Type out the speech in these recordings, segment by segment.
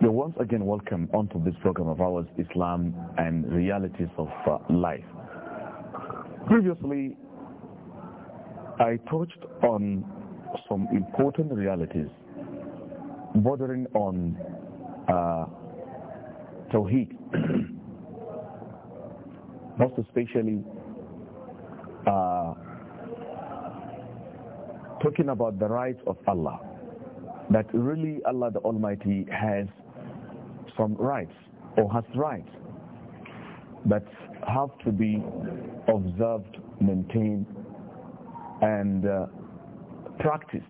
You're once again welcome onto this program of ours, Islam and Realities of uh, Life. Previously, I touched on some important realities bordering on uh, Tawheed, most especially uh, talking about the rights of Allah that really Allah the Almighty has some rights or has rights that have to be observed, maintained, and uh, practiced.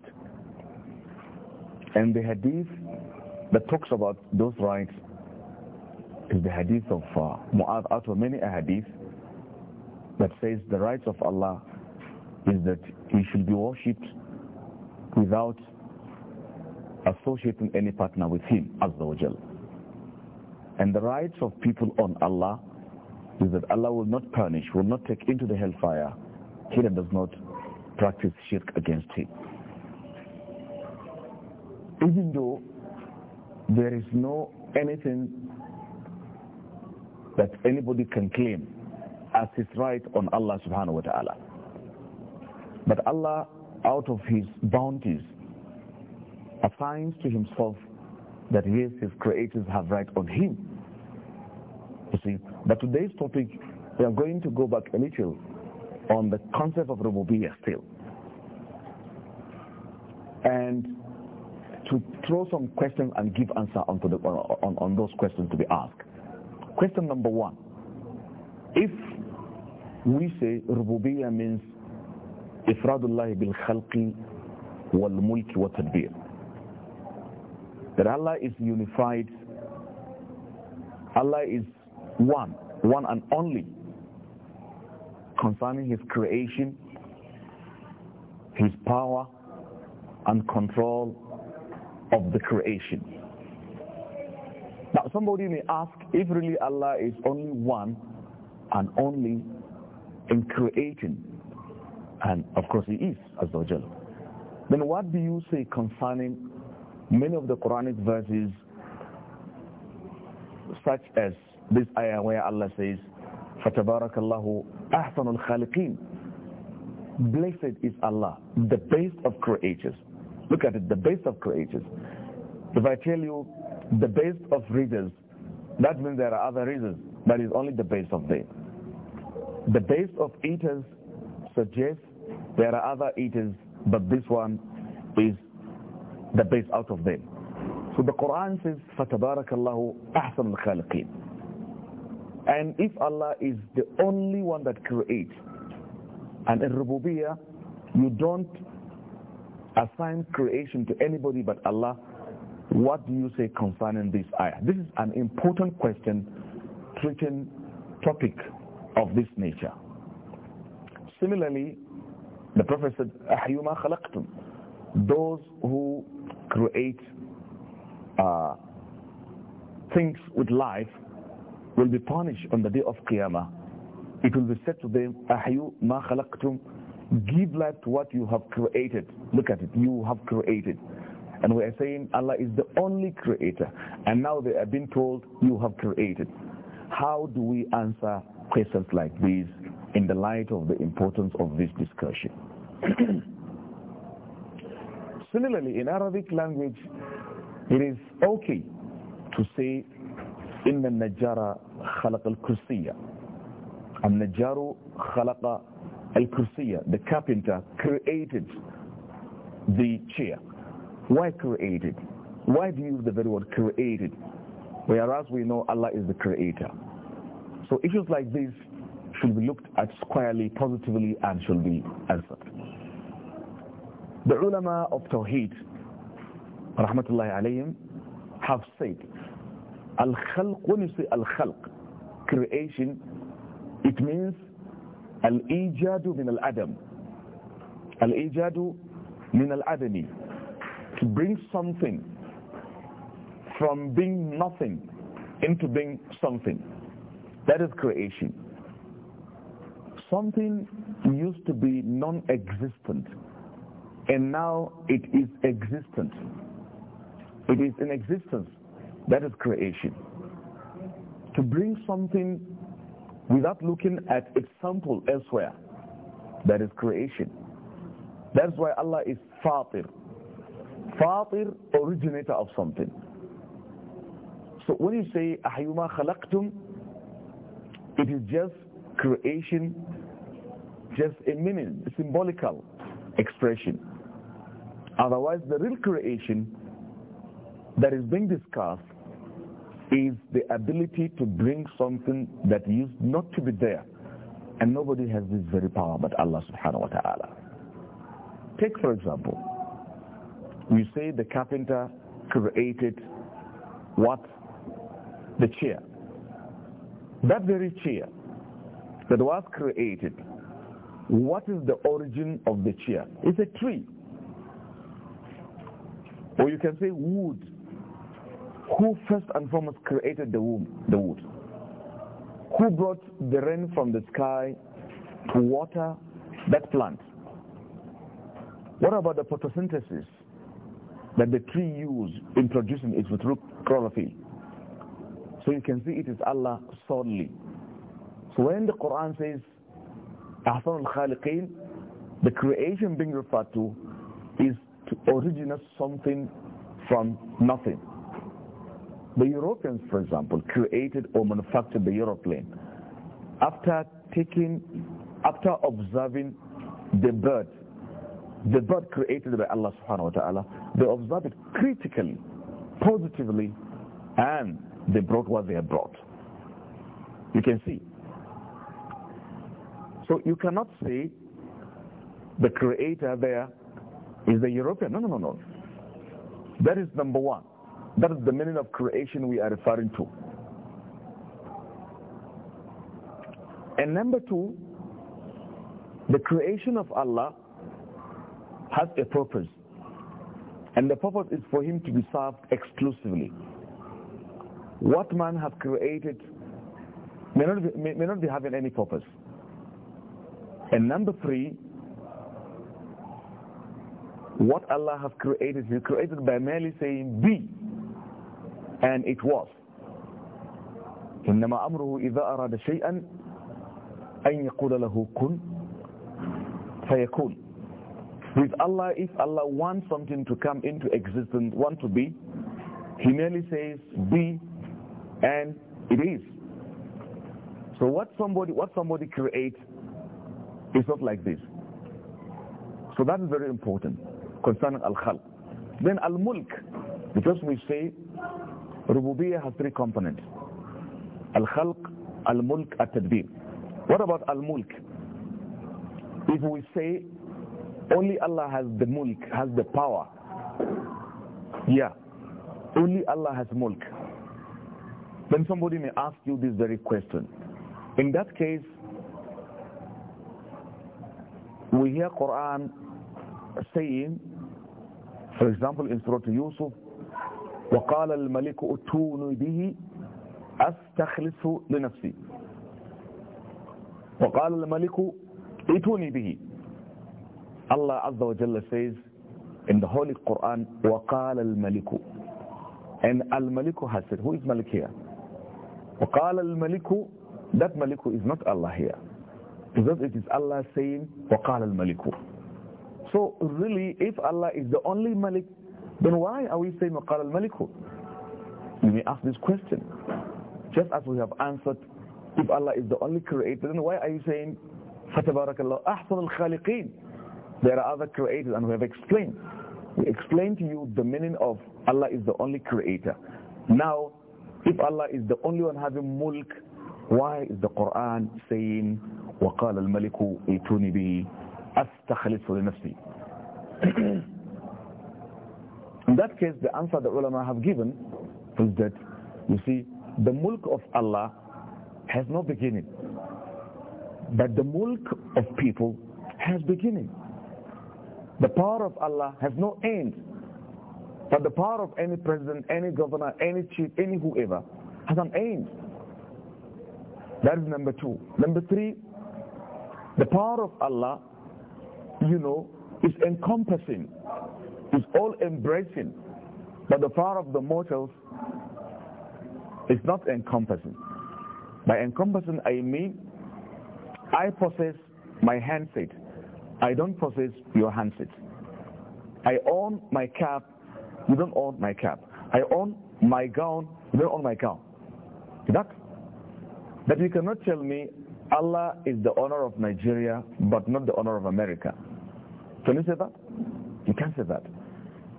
And the hadith that talks about those rights is the hadith of uh, Mu'adh out of many hadith that says the rights of Allah is that he should be worshipped without associating any partner with him, Azza wa Jal. And the rights of people on Allah is that Allah will not punish, will not take into the hellfire he that does not practice shirk against him. Even though there is no anything that anybody can claim as his right on Allah subhanahu wa ta'ala. But Allah, out of his bounties, assigns to himself that yes, his creators have right on him. You see, but today's topic, we are going to go back a little on the concept of Rububiya still. And to throw some questions and give answer the, on, on those questions to be asked. Question number one, if we say Rububiya means ifradullah bil khalqi wal mulki wa tadbir, that Allah is unified, Allah is one, one and only concerning His creation, His power and control of the creation. Now somebody may ask, if really Allah is only one and only in creating, and of course He is, as then what do you say concerning many of the Quranic verses, such as this ayah where Allah says, فَتَبَارَكَ اللَّهُ أَحْسَنُ الْخَالِقِينَ Blessed is Allah, the best of creators. Look at it, the best of creators. If I tell you the best of readers, that means there are other readers, but it's only the best of them. The best of eaters suggests there are other eaters, but this one is the base out of them. So the Quran says, فَتَبَارَكَ اللَّهُ أَحْسَنُ الْخَالِقِينَ And if Allah is the only one that creates, and in Rububiyah, you don't assign creation to anybody but Allah, what do you say concerning this ayah? This is an important question treating topic of this nature. Similarly, the Prophet said, أَحْيُمَا خَلَقْتُمْ Those who create uh, things with life will be punished on the day of Qiyamah. It will be said to them, أَحْيُوا ma khalaqtum, Give life to what you have created. Look at it, you have created. And we are saying Allah is the only creator. And now they are being told, you have created. How do we answer questions like these in the light of the importance of this discussion? Similarly, in Arabic language, it is okay to say, al النجار خلق الكرسية النجار al الكرسية The carpenter created the chair. Why created? Why do you use the very word created? Whereas we know Allah is the creator. So issues like this should be looked at squarely, positively, and should be answered. The ulama of Tawheed, rahmatullahi alayhim, have said, Al-Khalq, when you say Al-Khalq, creation, it means Al-Ijadu min Al-Adam. Al-Ijadu min Al-Adami. To bring something from being nothing into being something. That is creation. Something used to be non-existent and now it is existent. It is in existence. That is creation. To bring something without looking at its sample elsewhere, that is creation. That's why Allah is Fatir. Fatir, originator of something. So when you say Ahyuma khalaqtum, it is just creation, just a meaning, symbolical expression. Otherwise, the real creation that is being discussed is the ability to bring something that used not to be there. And nobody has this very power but Allah subhanahu wa ta'ala. Take for example, we say the carpenter created what? The chair. That very chair that was created, what is the origin of the chair? It's a tree. Or you can say wood. Who first and foremost created the wood? The wood. Who brought the rain from the sky to water that plant? What about the photosynthesis that the tree used in producing its chlorophyll? So you can see it is Allah solely. So when the Quran says Ahsan al the creation being referred to is to originate something from nothing. The Europeans, for example, created or manufactured the aeroplane after taking, after observing the bird, the bird created by Allah subhanahu wa ta'ala, they observed it critically, positively, and they brought what they had brought. You can see. So you cannot say the creator there is the European? No, no, no, no. That is number one. That is the meaning of creation we are referring to. And number two, the creation of Allah has a purpose. And the purpose is for him to be served exclusively. What man has created may not, be, may, may not be having any purpose. And number three, what Allah has created, He created by merely saying be, and it was. إنما أمره إذا أراد شيئا أن يقول له كن فيكون. With Allah, if Allah wants something to come into existence, want to be, He merely says be, and it is. So what somebody what somebody creates is not like this. So that is very important concerning Al-Khalq. Then Al-Mulk, because we say Rububiyyah has three components. Al-Khalq, Al-Mulk, At-Tadbir. What about Al-Mulk? If we say only Allah has the mulk, has the power. Yeah, only Allah has mulk. Then somebody may ask you this very question. In that case, we hear Quran saying, For example, in Surah Yusuf, وَقَالَ الْمَلِكُ أتوني بِهِ أَسْتَخْلِصُ لِنَفْسِي وَقَالَ الْمَلِكُ أتوني بِهِ Allah Azza wa Jalla says in the Holy Quran, وَقَالَ الْمَلِكُ And Al-Maliku has said, who is Malik here? وَقَالَ الْمَلِكُ That Maliku is not Allah here. Because it is Allah saying, وَقَالَ الْمَلِكُ So really, if Allah is the only Malik, then why are we saying Maqal al-Maliku? You may ask this question. Just as we have answered, if Allah is the only creator, then why are you saying Fatabarakallah Ahsan al-Khaliqeen? There are other creators and we have explained. We explained to you the meaning of Allah is the only creator. Now, if Allah is the only one having mulk, why is the Quran saying وَقَالَ الْمَلِكُ ائتوني به أستخلصه لنفسي In that case, the answer the ulama have given is that, you see, the mulk of Allah has no beginning. But the mulk of people has beginning. The power of Allah has no end. But the power of any president, any governor, any chief, any whoever has an end. That is number two. Number three, the power of Allah you know, is encompassing, is all embracing. But the power of the mortals is not encompassing. By encompassing, I mean, I possess my handset. I don't possess your handset. I own my cap. You don't own my cap. I own my gown. You don't own my gown. That, But you cannot tell me Allah is the honor of Nigeria, but not the honor of America. Can you say that? You can't say that.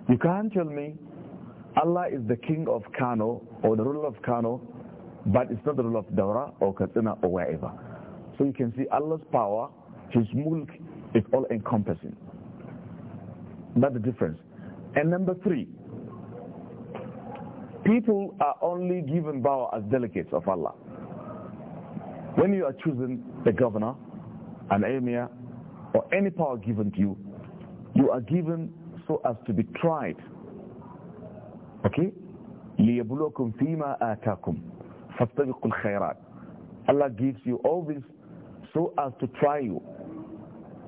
You can't tell me Allah is the king of Kano or the ruler of Kano, but it's not the ruler of Dawra or Katsina or wherever. So you can see Allah's power, His mulk is all encompassing. That's the difference. And number three, people are only given power as delegates of Allah. When you are choosing the governor, an emir, or any power given to you, you are given so as to be tried. Okay? لِيَبْلُوكُمْ فِيمَا آتَاكُمْ فَاسْتَبِقُوا الْخَيْرَاتِ Allah gives you all this so as to try you.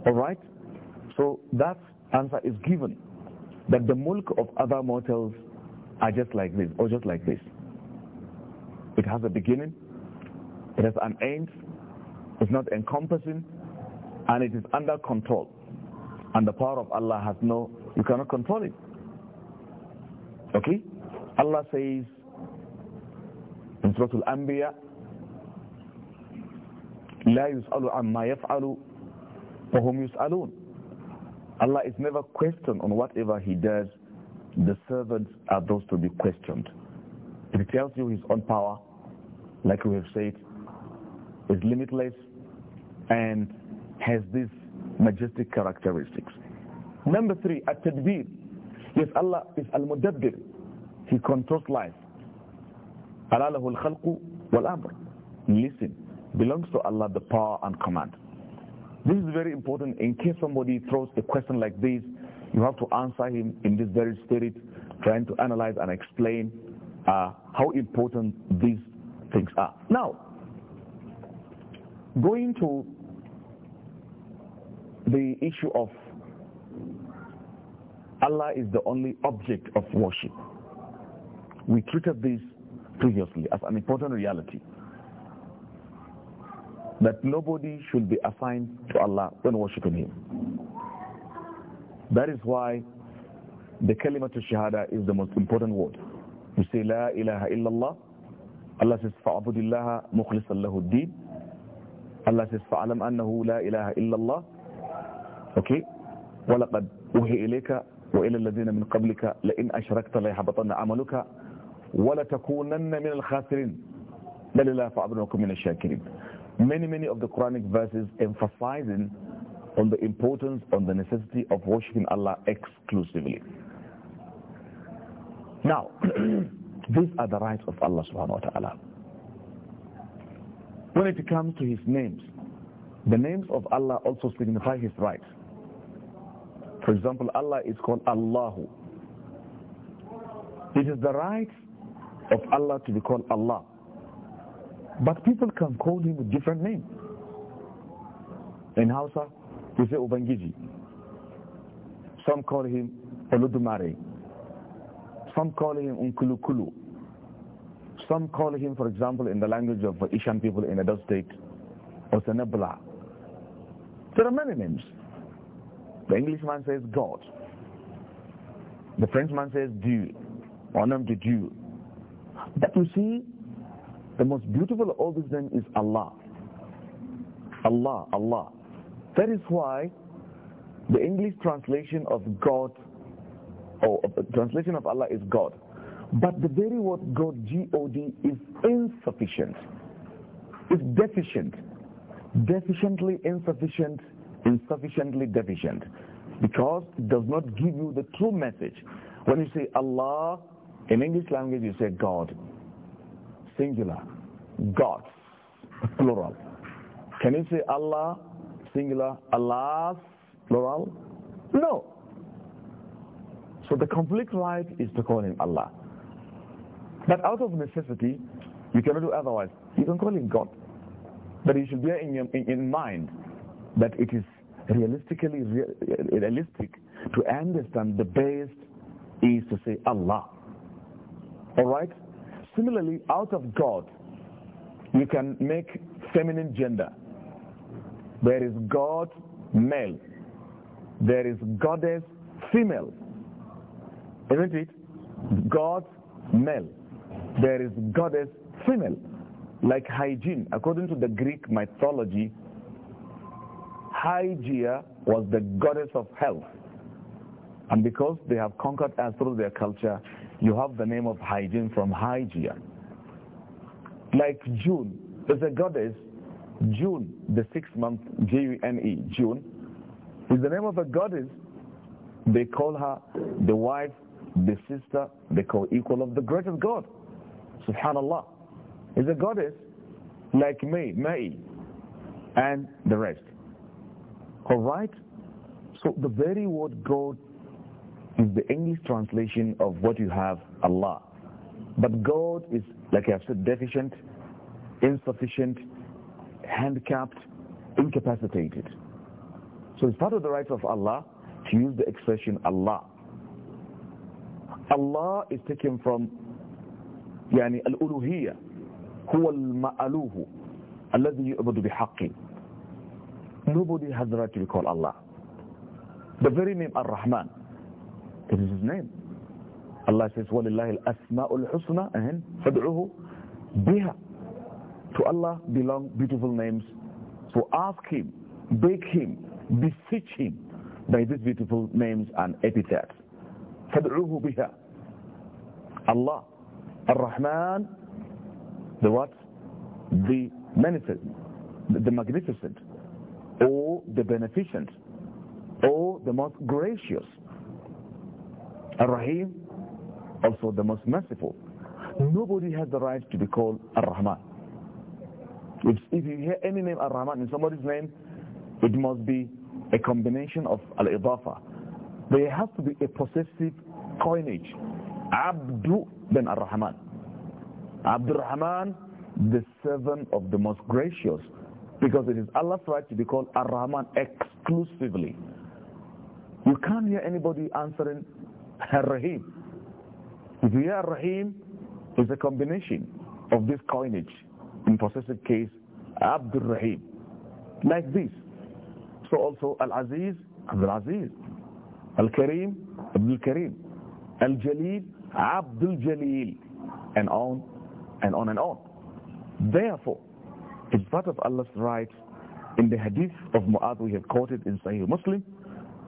Alright? So that answer is given. That the mulk of other mortals are just like this, or just like this. It has a beginning, it has an end, it's not encompassing, and it is under control. And the power of Allah has no, you cannot control it. Okay? Allah says in Surah Al-Anbiya, لا يسأل عما يفعل وهم يسألون Allah is never questioned on whatever he does. The servants are those to be questioned. he tells you his own power, like we have said, is limitless and has this majestic characteristics. Number three, at-tadbir. Yes, Allah is al-mudabbir. He controls life. Allah al-khalqu wal-amr. Listen, belongs to Allah the power and command. This is very important in case somebody throws a question like this, you have to answer him in this very spirit, trying to analyze and explain uh, how important these things are. Now, going to the issue of Allah is the only object of worship. We treated this previously as an important reality that nobody should be assigned to Allah when worshiping Him. That is why the kalimat shahada is the most important word. We say La ilaha illallah. Allah says فَعَبُدِ اللَّهَ مُخْلِصًا Allah says فَعَلَمْ أَنَّهُ la ilaha illallah." okay ولقد أوحي إليك وإلى الذين من قبلك لئن أشركت ليحبطن عملك ولتكونن من الخاسرين many many of the Quranic verses emphasizing on the importance on the necessity of worshiping Allah exclusively now these are the rights of Allah subhanahu wa ta'ala when it comes to his names the names of Allah also signify his rights for example, Allah is called Allahu. It is the right of Allah to be called Allah. But people can call him a different name. In Hausa, we say Ubangiji. Some call him Oludumare. Some call him Unkulukulu. Some call him, for example, in the language of Ishan people in Edo State, Osenebla. There are many names. The Englishman says God. The Frenchman says Dieu, or de Dieu. That you see, the most beautiful of all these names is Allah. Allah, Allah. That is why the English translation of God, or the uh, translation of Allah is God. But the very word God, G-O-D, is insufficient. It's deficient. Deficiently insufficient insufficiently deficient because it does not give you the true message. When you say Allah, in English language you say God, singular, gods, plural. Can you say Allah, singular, Allah, plural? No. So the complete right is to call him Allah. But out of necessity, you cannot do otherwise. You can call him God. But you should bear in, your, in, in mind that it is realistically realistic to understand the best is to say Allah. All right? Similarly, out of God, you can make feminine gender. There is God, male. There is goddess, female. Isn't it? God, male. There is goddess, female. Like hygiene, according to the Greek mythology, Hygeia was the goddess of health. And because they have conquered us through their culture, you have the name of hygiene from Hygeia. Like June, there's a goddess, June, the sixth month, J-U-N-E, June, is the name of a goddess. They call her the wife, the sister, the co-equal of the greatest God. Subhanallah. Is a goddess like May, May, and the rest. All right? So the very word God is the English translation of what you have, Allah. But God is, like I have said, deficient, insufficient, handicapped, incapacitated. So it's part of the rights of Allah to use the expression Allah. Allah is taken from يعني الألوهية هو المألوه الذي يعبد بحق Nobody has the right to be called Allah. The very name Ar-Rahman, that is his name. Allah says, وَلِلَّهِ الْأَسْمَاءُ الْحُسْنَى أَهِنْ فَادْعُوهُ بِهَا To Allah belong beautiful names. So ask Him, beg Him, beseech Him by these beautiful names and epithets. فَادْعُوهُ بِهَا Allah, Ar-Rahman, the what? The magnificent, the magnificent, or the beneficent, or the most gracious. Ar-Rahim, also the most merciful. Nobody has the right to be called Ar-Rahman. If, if you hear any name Ar-Rahman in somebody's name, it must be a combination of Al-Idafa. There has to be a possessive coinage. Abdu then Ar-Rahman. Abdul Rahman, the servant of the most gracious, because it is Allah's right to be called Ar-Rahman exclusively. You can't hear anybody answering Ar-Rahim. If you hear Ar-Rahim, it's a combination of this coinage, in possessive case, Abdul Rahim. Like this. So also Al-Aziz, Abdul Aziz. Al-Karim, Abdul Karim. Al-Jalil, Abdul Jalil. And on and on and on. Therefore, it's part of Allah's right. In the hadith of Mu'adh we have quoted in Sahih Muslim,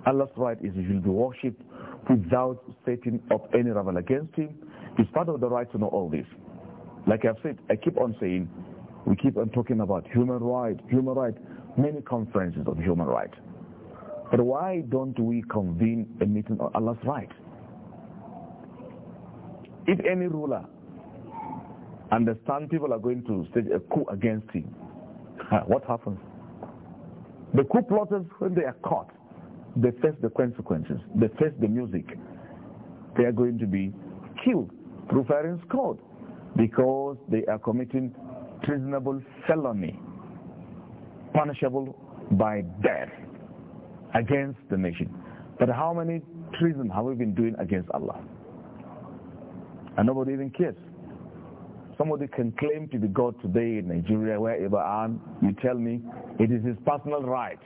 Allah's right is he will be worshipped without setting up any rival against him. It's part of the right to know all this. Like I've said, I keep on saying, we keep on talking about human right, human right, many conferences of human right. But why don't we convene a meeting on Allah's right? If any ruler understand people are going to stage a coup against him. What happens? The coup plotters, when they are caught, they face the consequences. They face the music. They are going to be killed through firing squad because they are committing treasonable felony, punishable by death against the nation. But how many treason have we been doing against Allah? And nobody even cares somebody can claim to be God today in Nigeria, wherever I am, you tell me it is his personal right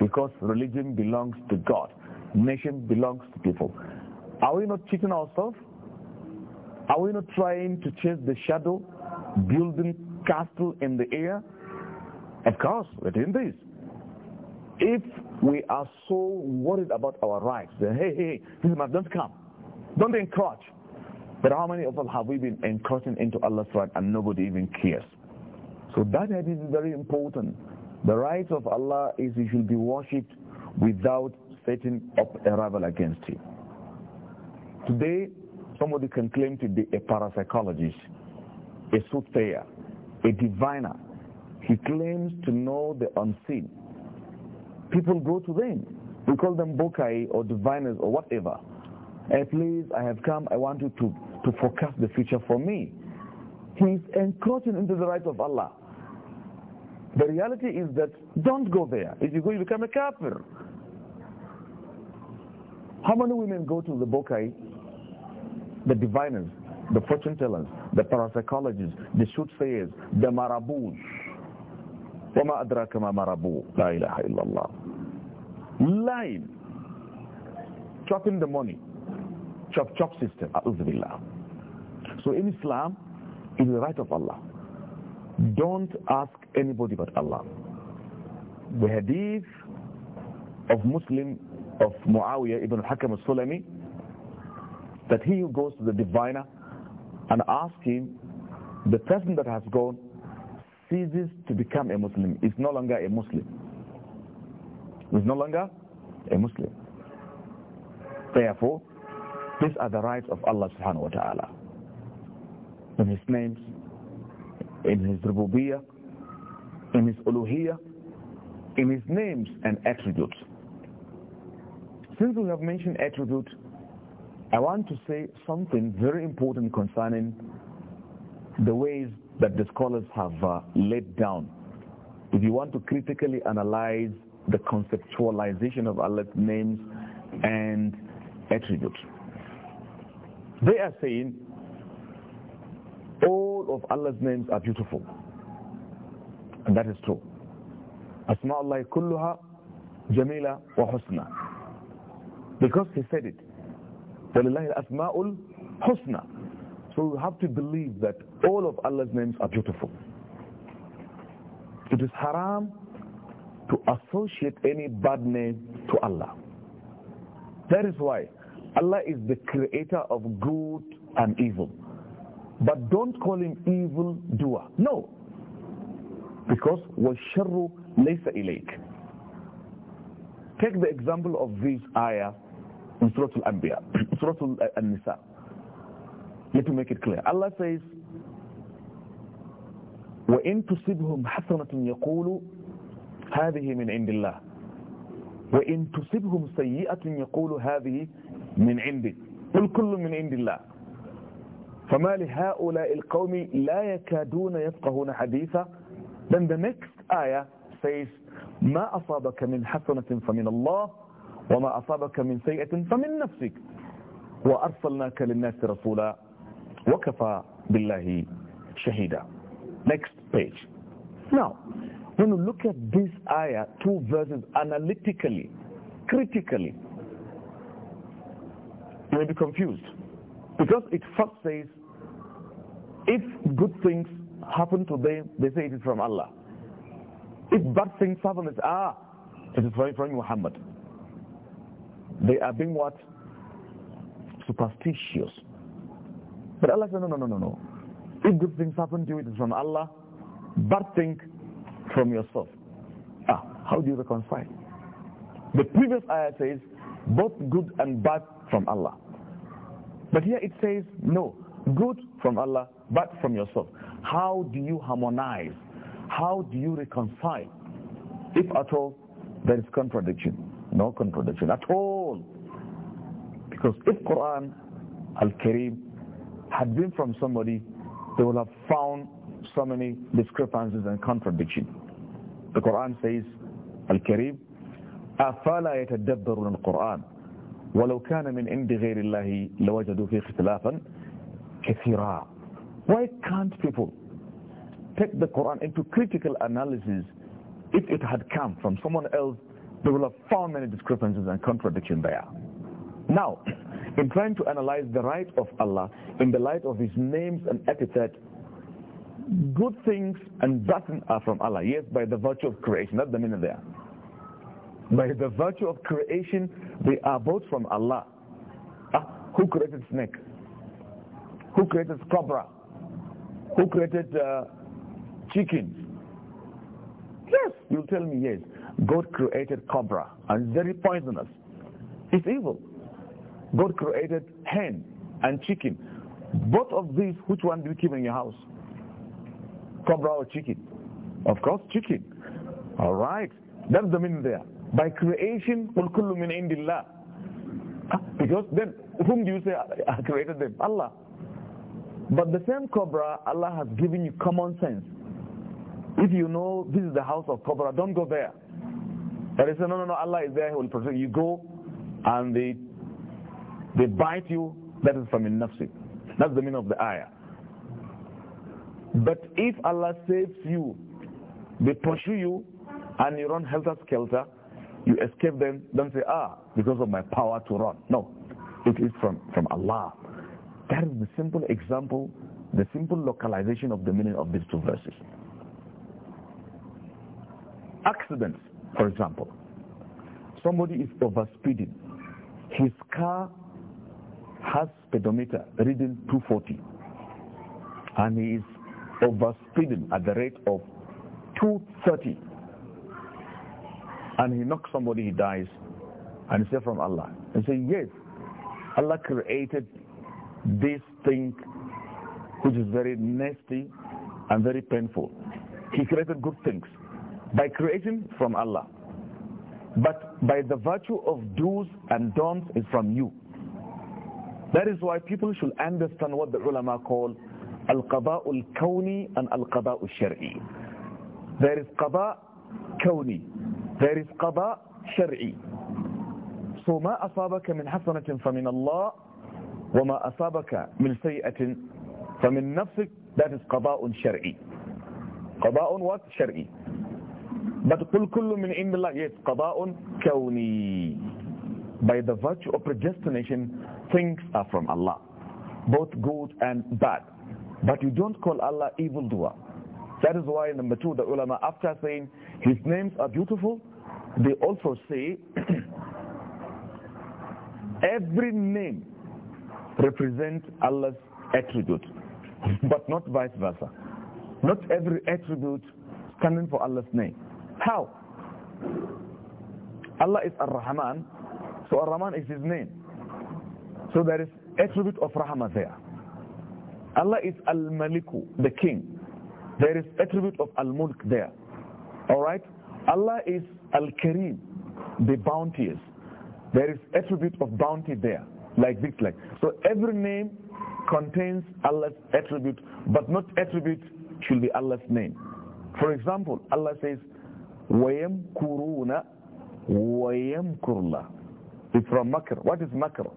because religion belongs to God. Nation belongs to people. Are we not cheating ourselves? Are we not trying to chase the shadow, building castle in the air? Of course, we're doing this. If we are so worried about our rights, then hey, hey, hey, don't come. Don't encroach. But how many of us have we been encroaching into Allah's right and nobody even cares? So that hadith is very important. The right of Allah is he should be worshipped without setting up a rival against him. Today, somebody can claim to be a parapsychologist, a soothsayer, a diviner. He claims to know the unseen. People go to them. We call them bokai or diviners or whatever. Hey, please, I have come. I want you to to forecast the future for me. He is encroaching into the right of Allah. The reality is that don't go there. If you go, you become a kafir. How many women go to the Bokai, the diviners, the fortune tellers, the parapsychologists, the soothsayers, the marabous? وما أدراك ما مربو لا إله إلا الله lying chopping the money chop chop system أعوذ بالله so in Islam, it is the right of Allah. Don't ask anybody but Allah. The hadith of Muslim, of Muawiyah ibn hakam al-Sulami, that he who goes to the diviner and asks him, the person that has gone ceases to become a Muslim, is no longer a Muslim. Is no longer a Muslim. Therefore, these are the rights of Allah subhanahu wa ta'ala in his names, in his rububiyah, in his uluhiyah, in his names and attributes. Since we have mentioned attribute, I want to say something very important concerning the ways that the scholars have uh, laid down. If you want to critically analyze the conceptualization of Allah's names and attributes, they are saying all of Allah's names are beautiful. And that is true. Asma Allah kulluha jamila wa husna. Because he said it. Asma الْأَسْمَاءُ husna. So you have to believe that all of Allah's names are beautiful. It is haram to associate any bad name to Allah. That is why Allah is the creator of good and evil but don't call him evil doer no because washaru laysa ilayk take the example of this ayah in surah al-anbiya surah uh, an-nisa let me make it clear allah says wa in tusibhum hasanatan yaqulu hadhihi min indillah وإن تصبهم سيئة يقول هذه من عندي قل كل min indillah. فما لهؤلاء القوم لا يكادون يفقهون حديثا then the next ayah says ما أصابك من حسنة فمن الله وما أصابك من سيئة فمن نفسك وأرسلناك للناس رسولا وكفى بالله شهيدا next page now when you look at this ayah two verses analytically critically you may be confused because it first says If good things happen to them, they say it is from Allah. If bad things happen, they say, ah, it is from, from Muhammad. They are being what? Superstitious. But Allah said, no, no, no, no, no. If good things happen to you, it is from Allah. Bad thing from yourself. Ah, how do you reconcile? The previous ayah says, both good and bad from Allah. But here it says, no, Good from Allah, bad from yourself. How do you harmonize? How do you reconcile? If at all, there is contradiction. No contradiction at all. Because if Quran Al-Karim had been from somebody, they would have found so many discrepancies and contradictions. The Quran says, Al-Karim, أَفَلَا يَتَدَبَّرُونَ الْقُرْآنَ وَلَوْ كَانَ مِنْ عِنْدِ غَيْرِ اللَّهِ لَوَجَدُوا فِي اخْتِلَافًا كثيرا why can't people take the Quran into critical analysis if it had come from someone else they will have found many discrepancies and contradictions there now in trying to analyze the right of Allah in the light of his names and epithet good things and bad things are from Allah yes by the virtue of creation not the meaning there by the virtue of creation they are both from Allah ah, who created snake who created cobra? Who created uh, chickens? Yes, you'll tell me yes. God created cobra and very poisonous. It's evil. God created hen and chicken. Both of these, which one do you keep in your house? Cobra or chicken? Of course, chicken. All right. That's the meaning there. By creation, kullu min indillah. Because then, whom do you say created them? Allah. But the same cobra, Allah has given you common sense. If you know this is the house of cobra, don't go there. And they say, no, no, no, Allah is there, He will protect you. You go and they, they bite you, that is from nafsi. That's the meaning of the ayah. But if Allah saves you, they pursue you, and you run helter-skelter, you escape them, don't say, ah, because of my power to run. No, it is from, from Allah. That is the simple example, the simple localization of the meaning of these two verses. Accidents, for example. Somebody is overspeeding. His car has speedometer reading 240 and he is overspeeding at the rate of 230 and he knocks somebody, he dies and he said from Allah. And say, yes, Allah created this thing which is very nasty and very painful. He created good things by creation from Allah. But by the virtue of do's and don'ts is from you. That is why people should understand what the ulama call al-qada'ul kawni and al-qada'ul shari. There is qada' kawni. There is qada' shari. So ما أصابك من حسنة فمن الله وما أصابك من سيئة فمن نفسك that is قضاء شرعي قضاء what شرعي but قل كل من عند الله yes قضاء كوني by the virtue of predestination things are from Allah both good and bad but you don't call Allah evil doer that is why number two the ulama after saying his names are beautiful they also say every name represent Allah's attribute, but not vice versa. Not every attribute standing for Allah's name. How? Allah is Ar-Rahman, so Ar-Rahman is his name. So there is attribute of Rahmah there. Allah is Al-Maliku, the king. There is attribute of Al-Mulk there. Alright? Allah is Al-Kareem, the bounteous. There is attribute of bounty there like this like. So every name contains Allah's attribute, but not attribute should be Allah's name. For example, Allah says, وَيَمْكُرُونَ وَيَمْكُرْلَهُ It's from makr. What is makr?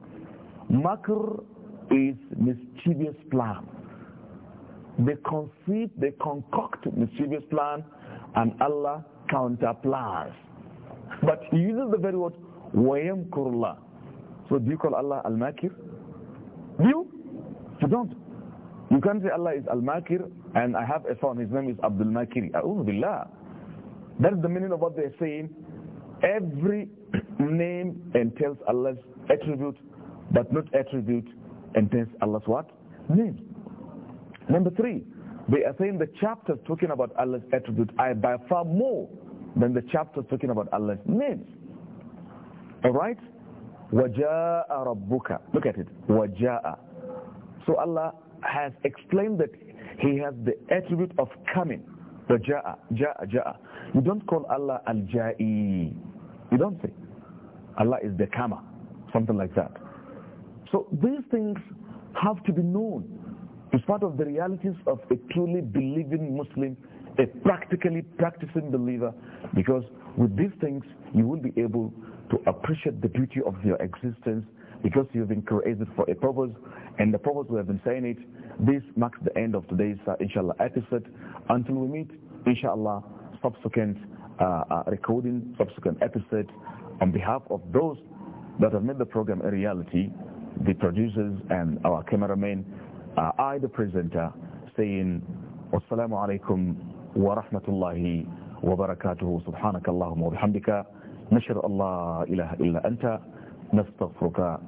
Makr is mischievous plan. They conceive, they concoct mischievous plan, and Allah counterplans. But he uses the very word وَيَمْكُرْلَهُ so do you call Allah Al-Makir? Do You? You don't. You can't say Allah is Al-Makir and I have a son, his name is Abdul Makiri. Billah. That is the meaning of what they are saying. Every name entails Allah's attribute, but not attribute entails Allah's what? Name. Number three, they are saying the chapters talking about Allah's attribute are by far more than the chapters talking about Allah's names. All right? Waja'a Rabbuka. Look at it. Waja'a. So Allah has explained that He has the attribute of coming. Waja'a, Ja'a, Ja'a. You don't call Allah Al-Ja'i. You don't say. Allah is the Kama. Something like that. So these things have to be known. It's part of the realities of a truly believing Muslim, a practically practicing believer, because with these things you will be able to appreciate the beauty of your existence because you've been created for a purpose and the purpose we have been saying it this marks the end of today's uh, inshallah episode until we meet inshallah subsequent uh, uh recording subsequent episode on behalf of those that have made the program a reality the producers and our cameramen uh, I the presenter saying wassalamu alaikum wa rahmatullahi wa barakatuhu subhanakallahumma wa bihamdika نشهد الله إله إلا أنت نستغفرك